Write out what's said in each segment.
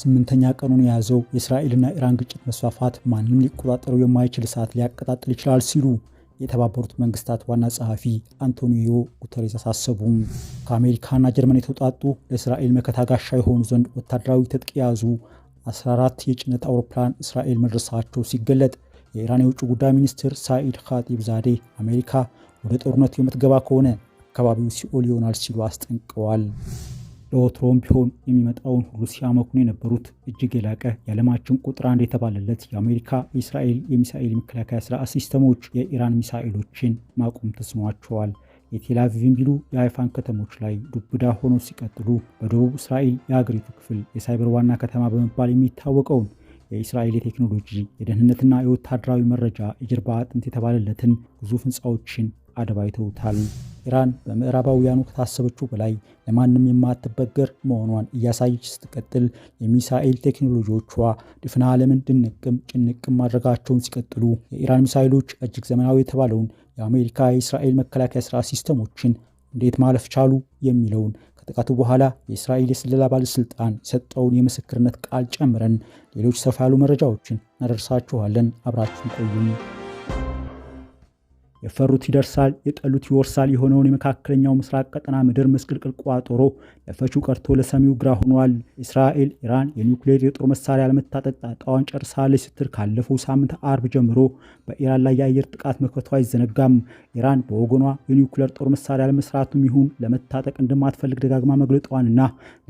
ስምንተኛ ቀኑን የያዘው የእስራኤልና ኢራን ግጭት መስፋፋት ማንም ሊቆጣጠረው የማይችል እሳት ሊያቀጣጥል ይችላል ሲሉ የተባበሩት መንግስታት ዋና ጸሐፊ አንቶኒዮ ጉተሬስ አሳሰቡ። ከአሜሪካና ጀርመን የተውጣጡ ለእስራኤል መከታ ጋሻ የሆኑ ዘንድ ወታደራዊ ትጥቅ የያዙ 14 የጭነት አውሮፕላን እስራኤል መድረሳቸው ሲገለጥ የኢራን የውጭ ጉዳይ ሚኒስትር ሳኢድ ካጢብ ዛዴ አሜሪካ ወደ ጦርነቱ የምትገባ ከሆነ አካባቢው ሲኦል ይሆናል ሲሉ አስጠንቅቀዋል። ለወትሮም ቢሆን የሚመጣውን ሁሉ ሲያመኩን የነበሩት እጅግ የላቀ የዓለማችን ቁጥር አንድ የተባለለት የአሜሪካ የእስራኤል የሚሳኤል መከላከያ ስርዓት ሲስተሞች የኢራን ሚሳኤሎችን ማቆም ተስኗቸዋል። የቴልአቪቭን ቢሉ የሀይፋን ከተሞች ላይ ዱብዳ ሆነው ሲቀጥሉ በደቡብ እስራኤል የሀገሪቱ ክፍል የሳይበር ዋና ከተማ በመባል የሚታወቀውን የእስራኤል የቴክኖሎጂ የደህንነትና የወታደራዊ መረጃ የጀርባ አጥንት የተባለለትን ግዙፍ ህንፃዎችን አደባይተውታል። ኢራን በምዕራባውያኑ ከታሰበችው በላይ ለማንም የማትበገር መሆኗን እያሳየች ስትቀጥል የሚሳኤል ቴክኖሎጂዎቿ ድፍና ዓለምን ድንቅም ጭንቅም ማድረጋቸውን ሲቀጥሉ የኢራን ሚሳኤሎች እጅግ ዘመናዊ የተባለውን የአሜሪካ የእስራኤል መከላከያ ስራ ሲስተሞችን እንዴት ማለፍ ቻሉ የሚለውን ከጥቃቱ በኋላ የእስራኤል የስለላ ባለስልጣን የሰጠውን የምስክርነት ቃል ጨምረን ሌሎች ሰፋ ያሉ መረጃዎችን እናደርሳችኋለን። አብራችን ቆዩም። የፈሩት ይደርሳል፣ የጠሉት ይወርሳል የሆነውን የመካከለኛው ምስራቅ ቀጠና ምድር ምስቅልቅል ቋጠሮ ለፈቹ ቀርቶ ለሰሚው ግራ ሆኗል። እስራኤል ኢራን የኒውክሌር የጦር መሳሪያ ለመታጠቅ ጣጣዋን ጨርሳለች ስትል ካለፈው ሳምንት አርብ ጀምሮ በኢራን ላይ የአየር ጥቃት መክፈቷ አይዘነጋም። ኢራን በወገኗ የኒውክሌር ጦር መሳሪያ ለመስራቱም ይሁን ለመታጠቅ እንደማትፈልግ ደጋግማ መግለጧንና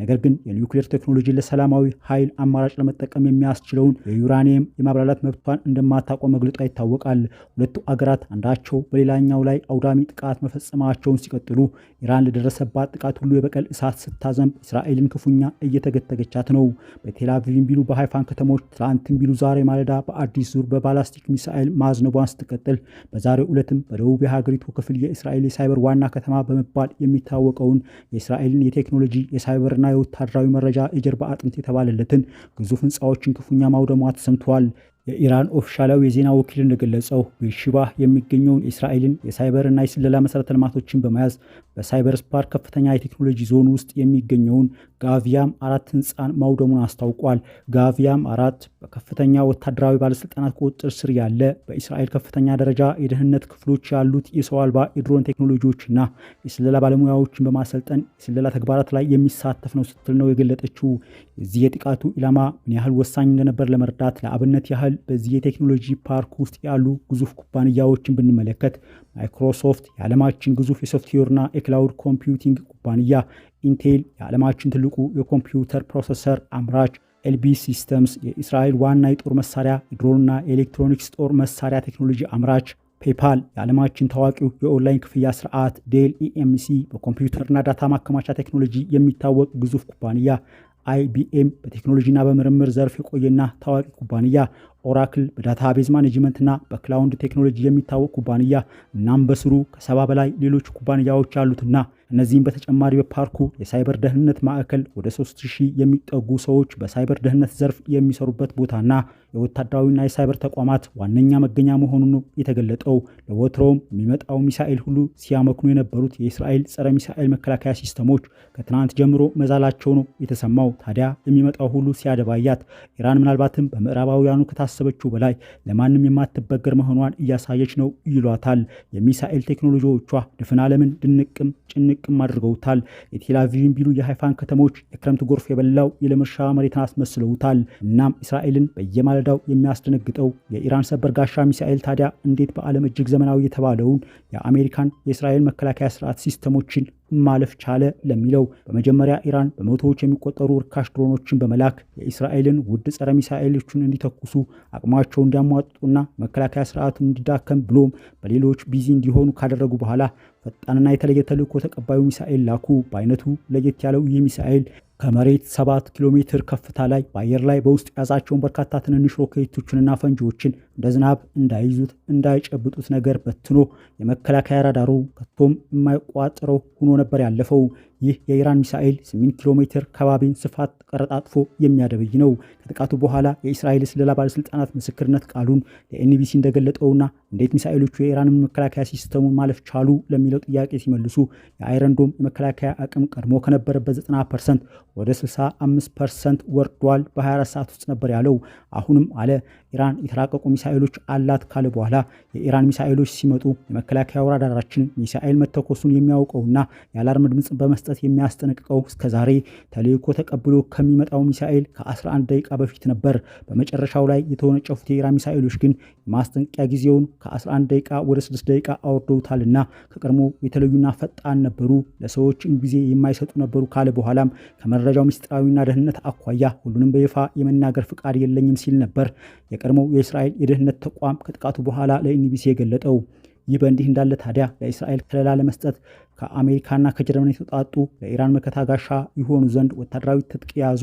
ነገር ግን የኒውክሌር ቴክኖሎጂ ለሰላማዊ ኃይል አማራጭ ለመጠቀም የሚያስችለውን የዩራኒየም የማብላላት መብቷን እንደማታቆም መግለጧ ይታወቃል። ሁለቱ አገራት አንዳቸው በመሆናቸው በሌላኛው ላይ አውዳሚ ጥቃት መፈጸማቸውን ሲቀጥሉ ኢራን ለደረሰባት ጥቃት ሁሉ የበቀል እሳት ስታዘንብ እስራኤልን ክፉኛ እየተገተገቻት ነው። በቴልአቪቭም ቢሉ በሃይፋን ከተሞች ትላንትም ቢሉ ዛሬ ማለዳ በአዲስ ዙር በባላስቲክ ሚሳኤል ማዝነቧን ስትቀጥል በዛሬው ዕለትም በደቡብ የሀገሪቱ ክፍል የእስራኤል የሳይበር ዋና ከተማ በመባል የሚታወቀውን የእስራኤልን የቴክኖሎጂ የሳይበርና የወታደራዊ መረጃ የጀርባ አጥንት የተባለለትን ግዙፍ ህንፃዎችን ክፉኛ ማውደሟ ተሰምተዋል። የኢራን ኦፊሻላዊ የዜና ወኪል እንደገለጸው በሺባህ የሚገኘውን የእስራኤልን የሳይበር እና የስለላ መሠረተ ልማቶችን በመያዝ በሳይበር ከፍተኛ የቴክኖሎጂ ዞን ውስጥ የሚገኘውን ጋቪያም አራት ህንፃን ማውደሙን አስታውቋል። ጋቪያም አራት በከፍተኛ ወታደራዊ ባለስልጣናት ቁጥጥር ስር ያለ በእስራኤል ከፍተኛ ደረጃ የደህንነት ክፍሎች ያሉት የሰው አልባ የድሮን ቴክኖሎጂዎችና የስለላ ባለሙያዎችን በማሰልጠን የስለላ ተግባራት ላይ የሚሳተፍ ነው ስትል ነው የገለጠችው። የዚህ የጥቃቱ ኢላማ ምን ያህል ወሳኝ እንደነበር ለመርዳት ለአብነት ያህል በዚህ የቴክኖሎጂ ፓርክ ውስጥ ያሉ ግዙፍ ኩባንያዎችን ብንመለከት ማይክሮሶፍት የዓለማችን ግዙፍ የሶፍትዌርና የክላውድ ኮምፒውቲንግ ኩባንያ ኢንቴል፣ የዓለማችን ትልቁ የኮምፒውተር ፕሮሰሰር አምራች ኤልቢ ሲስተምስ፣ የእስራኤል ዋና የጦር መሳሪያ የድሮንና የኤሌክትሮኒክስ ጦር መሳሪያ ቴክኖሎጂ አምራች ፔፓል፣ የዓለማችን ታዋቂው የኦንላይን ክፍያ ስርዓት ዴል ኢኤምሲ፣ በኮምፒውተርና ዳታ ማከማቻ ቴክኖሎጂ የሚታወቅ ግዙፍ ኩባንያ አይቢኤም በቴክኖሎጂና በምርምር ዘርፍ የቆየና ታዋቂ ኩባንያ ኦራክል በዳታቤዝ ማኔጅመንትና በክላውንድ ቴክኖሎጂ የሚታወቅ ኩባንያ እናም በስሩ ከሰባ በላይ ሌሎች ኩባንያዎች አሉትና እነዚህም በተጨማሪ በፓርኩ የሳይበር ደህንነት ማዕከል ወደ 3000 የሚጠጉ ሰዎች በሳይበር ደህንነት ዘርፍ የሚሰሩበት ቦታና የወታደራዊና የሳይበር ተቋማት ዋነኛ መገኛ መሆኑ የተገለጠው። ለወትሮውም የሚመጣው ሚሳኤል ሁሉ ሲያመክኑ የነበሩት የእስራኤል ጸረ ሚሳኤል መከላከያ ሲስተሞች ከትናንት ጀምሮ መዛላቸው ነው የተሰማው። ታዲያ የሚመጣው ሁሉ ሲያደባያት ኢራን ምናልባትም በምዕራባውያኑ ከታሰ ካሰበችው በላይ ለማንም የማትበገር መሆኗን እያሳየች ነው ይሏታል። የሚሳኤል ቴክኖሎጂዎቿ ድፍን ዓለምን ድንቅም ጭንቅም አድርገውታል። የቴላቪዥን ቢሉ የሃይፋን ከተሞች የክረምት ጎርፍ የበላው የለም መሬትን አስመስለውታል። እናም እስራኤልን በየማለዳው የሚያስደነግጠው የኢራን ሰበር ጋሻ ሚሳኤል ታዲያ እንዴት በዓለም እጅግ ዘመናዊ የተባለውን የአሜሪካን የእስራኤል መከላከያ ስርዓት ሲስተሞችን ማለፍ ቻለ ለሚለው በመጀመሪያ ኢራን በመቶዎች የሚቆጠሩ ርካሽ ድሮኖችን በመላክ የእስራኤልን ውድ ጸረ ሚሳኤሎቹን እንዲተኩሱ አቅማቸው እንዲያሟጡና መከላከያ ስርዓቱን እንዲዳከም ብሎም በሌሎች ቢዚ እንዲሆኑ ካደረጉ በኋላ ፈጣንና የተለየ ተልእኮ ተቀባዩ ሚሳኤል ላኩ። በአይነቱ ለየት ያለው ይህ ሚሳኤል ከመሬት 7 ኪሎ ሜትር ከፍታ ላይ በአየር ላይ በውስጡ የያዛቸውን በርካታ ትንንሽ ሮኬቶችንና ፈንጂዎችን እንደ ዝናብ እንዳይዙት እንዳይጨብጡት ነገር በትኖ የመከላከያ ራዳሩ ከቶም የማይቋጥረው ሆኖ ነበር ያለፈው። ይህ የኢራን ሚሳኤል 8 ኪሎ ሜትር ከባቢን ስፋት ቀረጣጥፎ የሚያደበይ ነው። ከጥቃቱ በኋላ የእስራኤል ስለላ ባለስልጣናት ምስክርነት ቃሉን ለኤንቢሲ እንደገለጠውና እንዴት ሚሳኤሎቹ የኢራንን መከላከያ ሲስተሙን ማለፍ ቻሉ ለሚለው ጥያቄ ሲመልሱ የአይረንዶም የመከላከያ አቅም ቀድሞ ከነበረበት 90 ፐርሰንት ወደ 65 ፐርሰንት ወርዷል፣ በ24 ሰዓት ውስጥ ነበር ያለው። አሁንም አለ ኢራን የተራቀቁ ሚሳኤሎች አላት ካለ በኋላ የኢራን ሚሳኤሎች ሲመጡ የመከላከያ ራዳራችን ሚሳኤል መተኮሱን የሚያውቀውና የአላርም ድምፅ በመስጠት ለመስጠት የሚያስጠነቅቀው እስከዛሬ ተልእኮ ተቀብሎ ከሚመጣው ሚሳኤል ከ11 ደቂቃ በፊት ነበር። በመጨረሻው ላይ የተወነጨፉት የኢራን ሚሳኤሎች ግን የማስጠንቀቂያ ጊዜውን ከ11 ደቂቃ ወደ 6 ደቂቃ አወርደውታልና ከቀድሞ የተለዩና ፈጣን ነበሩ፣ ለሰዎችም ጊዜ የማይሰጡ ነበሩ ካለ በኋላም ከመረጃው ምስጢራዊና ደህንነት አኳያ ሁሉንም በይፋ የመናገር ፍቃድ የለኝም ሲል ነበር የቀድሞው የእስራኤል የደህንነት ተቋም ከጥቃቱ በኋላ ለኢንቢሲ የገለጠው። ይህ በእንዲህ እንዳለ ታዲያ ለእስራኤል ከለላ ለመስጠት ከአሜሪካና ከጀርመን የተውጣጡ ለኢራን መከታ ጋሻ የሆኑ ዘንድ ወታደራዊ ትጥቅ የያዙ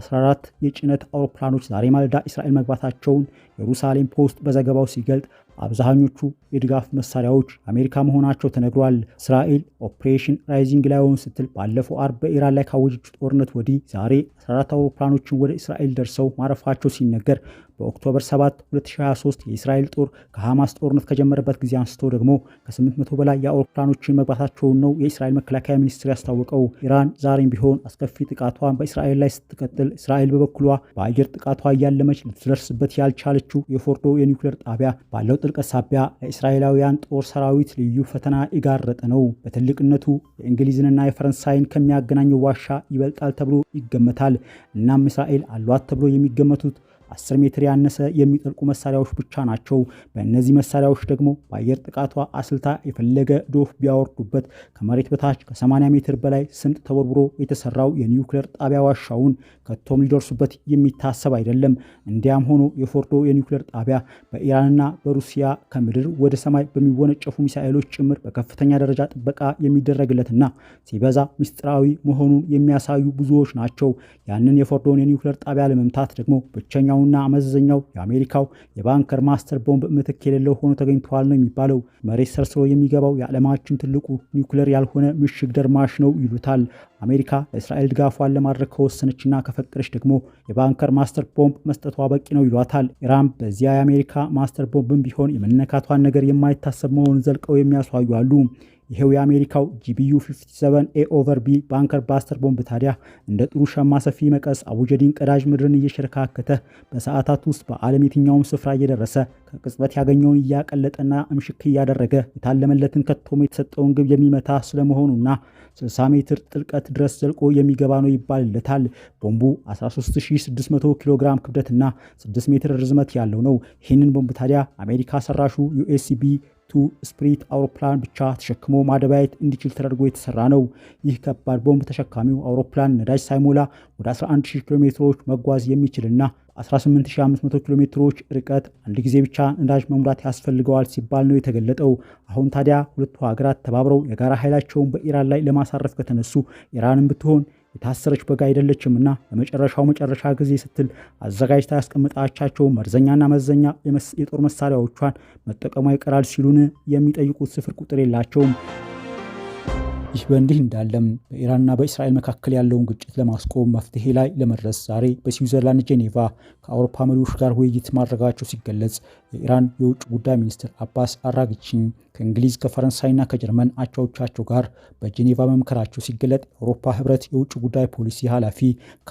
14 የጭነት አውሮፕላኖች ዛሬ ማለዳ እስራኤል መግባታቸውን የሩሳሌም ፖስት በዘገባው ሲገልጥ አብዛኞቹ የድጋፍ መሳሪያዎች አሜሪካ መሆናቸው ተነግሯል። እስራኤል ኦፕሬሽን ራይዚንግ ላይሆን ስትል ባለፈው አርብ በኢራን ላይ ካወጀችው ጦርነት ወዲህ ዛሬ 14 አውሮፕላኖችን ወደ እስራኤል ደርሰው ማረፋቸው ሲነገር በኦክቶበር 7 2023 የእስራኤል ጦር ከሐማስ ጦርነት ከጀመረበት ጊዜ አንስቶ ደግሞ ከ800 በላይ የአውሮፕላኖችን መግባታቸውን ነው የእስራኤል መከላከያ ሚኒስትር ያስታወቀው። ኢራን ዛሬም ቢሆን አስከፊ ጥቃቷን በእስራኤል ላይ ስትቀጥል፣ እስራኤል በበኩሏ በአየር ጥቃቷ እያለመች ልትደርስበት ያልቻለችው የፎርዶ የኒውክሌር ጣቢያ ባለው ጥልቀት ሳቢያ ለእስራኤላውያን ጦር ሰራዊት ልዩ ፈተና የጋረጠ ነው። በትልቅነቱ የእንግሊዝንና የፈረንሳይን ከሚያገናኘው ዋሻ ይበልጣል ተብሎ ይገመታል። እናም እስራኤል አሏት ተብሎ የሚገመቱት አስር ሜትር ያነሰ የሚጠልቁ መሳሪያዎች ብቻ ናቸው። በእነዚህ መሳሪያዎች ደግሞ በአየር ጥቃቷ አስልታ የፈለገ ዶፍ ቢያወርዱበት ከመሬት በታች ከ80 ሜትር በላይ ስምጥ ተቦርብሮ የተሰራው የኒውክሌር ጣቢያ ዋሻውን ከቶም ሊደርሱበት የሚታሰብ አይደለም። እንዲያም ሆኖ የፎርዶ የኒውክሌር ጣቢያ በኢራንና በሩሲያ ከምድር ወደ ሰማይ በሚወነጨፉ ሚሳኤሎች ጭምር በከፍተኛ ደረጃ ጥበቃ የሚደረግለትና ሲበዛ ምስጢራዊ መሆኑን የሚያሳዩ ብዙዎች ናቸው። ያንን የፎርዶን የኒውክሌር ጣቢያ ለመምታት ደግሞ ብቸኛውን ዋናውና አመዘኛው የአሜሪካው የባንከር ማስተር ቦምብ ምትክ የሌለው ሆኖ ተገኝተዋል ነው የሚባለው። መሬት ሰርስሮ የሚገባው የዓለማችን ትልቁ ኒውክለር ያልሆነ ምሽግ ደርማሽ ነው ይሉታል አሜሪካ ለእስራኤል ድጋፏን ለማድረግ ከወሰነችና ከፈቀደች ደግሞ የባንከር ማስተር ቦምብ መስጠቷ በቂ ነው ይሏታል። ኢራን በዚያ የአሜሪካ ማስተር ቦምብም ቢሆን የመነካቷን ነገር የማይታሰብ መሆኑን ዘልቀው የሚያስዋዩ አሉ። ይሄው የአሜሪካው ጂቢዩ 57 ኤ ኦቨር ቢ ባንከር ባስተር ቦምብ ታዲያ እንደ ጥሩ ሸማ ሰፊ መቀስ አቡጀዲን ቀዳጅ ምድርን እየሸረካከተ በሰዓታት ውስጥ በዓለም የትኛውም ስፍራ እየደረሰ ከቅጽበት ያገኘውን እያቀለጠና እምሽክ እያደረገ የታለመለትን ከቶም የተሰጠውን ግብ የሚመታ ስለመሆኑና 60 ሜትር ጥልቀት ድረስ ዘልቆ የሚገባ ነው ይባልለታል። ቦምቡ 13600 ኪሎ ግራም ክብደትና 6 ሜትር ርዝመት ያለው ነው። ይህንን ቦምብ ታዲያ አሜሪካ ሰራሹ ዩኤስቢ ቱ ስፕሪት አውሮፕላን ብቻ ተሸክሞ ማደባየት እንዲችል ተደርጎ የተሰራ ነው። ይህ ከባድ ቦምብ ተሸካሚው አውሮፕላን ነዳጅ ሳይሞላ ወደ 11000 ኪሎ ሜትሮች መጓዝ የሚችልና 18500 ኪሎ ሜትሮች ርቀት አንድ ጊዜ ብቻ ነዳጅ መሙላት ያስፈልገዋል ሲባል ነው የተገለጠው። አሁን ታዲያ ሁለቱ ሀገራት ተባብረው የጋራ ኃይላቸውን በኢራን ላይ ለማሳረፍ ከተነሱ ኢራንም ብትሆን የታሰረች በግ አይደለችም እና ለመጨረሻው መጨረሻ ጊዜ ስትል አዘጋጅታ ያስቀምጣቻቸው መርዘኛና መዘኛ የጦር መሳሪያዎቿን መጠቀሟ ይቀራል ሲሉን የሚጠይቁት ስፍር ቁጥር የላቸውም። ይህ በእንዲህ እንዳለም በኢራንና በእስራኤል መካከል ያለውን ግጭት ለማስቆም መፍትሄ ላይ ለመድረስ ዛሬ በስዊዘርላንድ ጄኔቫ ከአውሮፓ መሪዎች ጋር ውይይት ማድረጋቸው ሲገለጽ የኢራን የውጭ ጉዳይ ሚኒስትር አባስ አራግቺ ከእንግሊዝ ከፈረንሳይና ከጀርመን አቻዎቻቸው ጋር በጄኔቫ መምከራቸው ሲገለጥ የአውሮፓ ህብረት የውጭ ጉዳይ ፖሊሲ ኃላፊ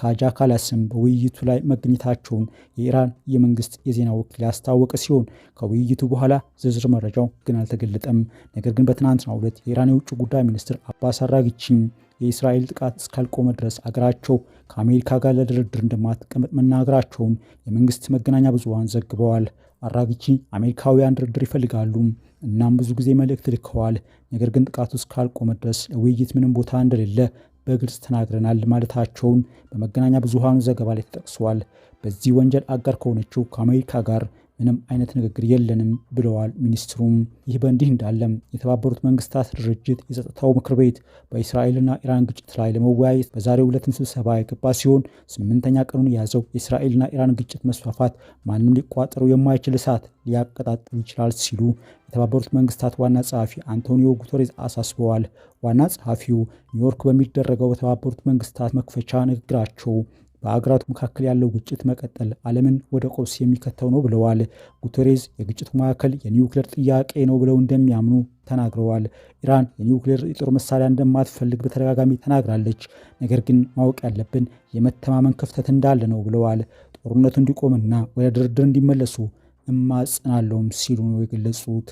ካጃ ካላስም በውይይቱ ላይ መገኘታቸውን የኢራን የመንግስት የዜና ወኪል ያስታወቀ ሲሆን ከውይይቱ በኋላ ዝርዝር መረጃው ግን አልተገለጠም። ነገር ግን በትናንትናው ዕለት የኢራን የውጭ ጉዳይ ሚኒስትር አባስ አራግቺም የእስራኤል ጥቃት እስካልቆመ ድረስ አገራቸው ከአሜሪካ ጋር ለድርድር እንደማትቀመጥ መናገራቸውን የመንግስት መገናኛ ብዙሃን ዘግበዋል። አራግቺ አሜሪካውያን ድርድር ይፈልጋሉ እናም ብዙ ጊዜ መልእክት ልከዋል። ነገር ግን ጥቃቱ እስካልቆመ ድረስ ለውይይት ምንም ቦታ እንደሌለ በግልጽ ተናግረናል ማለታቸውን በመገናኛ ብዙሃኑ ዘገባ ላይ ተጠቅሷል። በዚህ ወንጀል አጋር ከሆነችው ከአሜሪካ ጋር ምንም አይነት ንግግር የለንም ብለዋል ሚኒስትሩም። ይህ በእንዲህ እንዳለም የተባበሩት መንግስታት ድርጅት የጸጥታው ምክር ቤት በእስራኤልና ኢራን ግጭት ላይ ለመወያየት በዛሬው ዕለትም ስብሰባ የገባ ሲሆን ስምንተኛ ቀኑን የያዘው የእስራኤልና ኢራን ግጭት መስፋፋት ማንም ሊቋጠሩ የማይችል እሳት ሊያቀጣጥል ይችላል ሲሉ የተባበሩት መንግስታት ዋና ጸሐፊ አንቶኒዮ ጉተሬዝ አሳስበዋል። ዋና ጸሐፊው ኒውዮርክ በሚደረገው በተባበሩት መንግስታት መክፈቻ ንግግራቸው በአገራቱ መካከል ያለው ግጭት መቀጠል ዓለምን ወደ ቀውስ የሚከተው ነው ብለዋል። ጉተሬዝ የግጭቱ ማዕከል የኒውክሌር ጥያቄ ነው ብለው እንደሚያምኑ ተናግረዋል። ኢራን የኒውክሌር የጦር መሳሪያ እንደማትፈልግ በተደጋጋሚ ተናግራለች። ነገር ግን ማወቅ ያለብን የመተማመን ክፍተት እንዳለ ነው ብለዋል። ጦርነቱ እንዲቆምና ወደ ድርድር እንዲመለሱ እማጽናለውም ሲሉ ነው የገለጹት።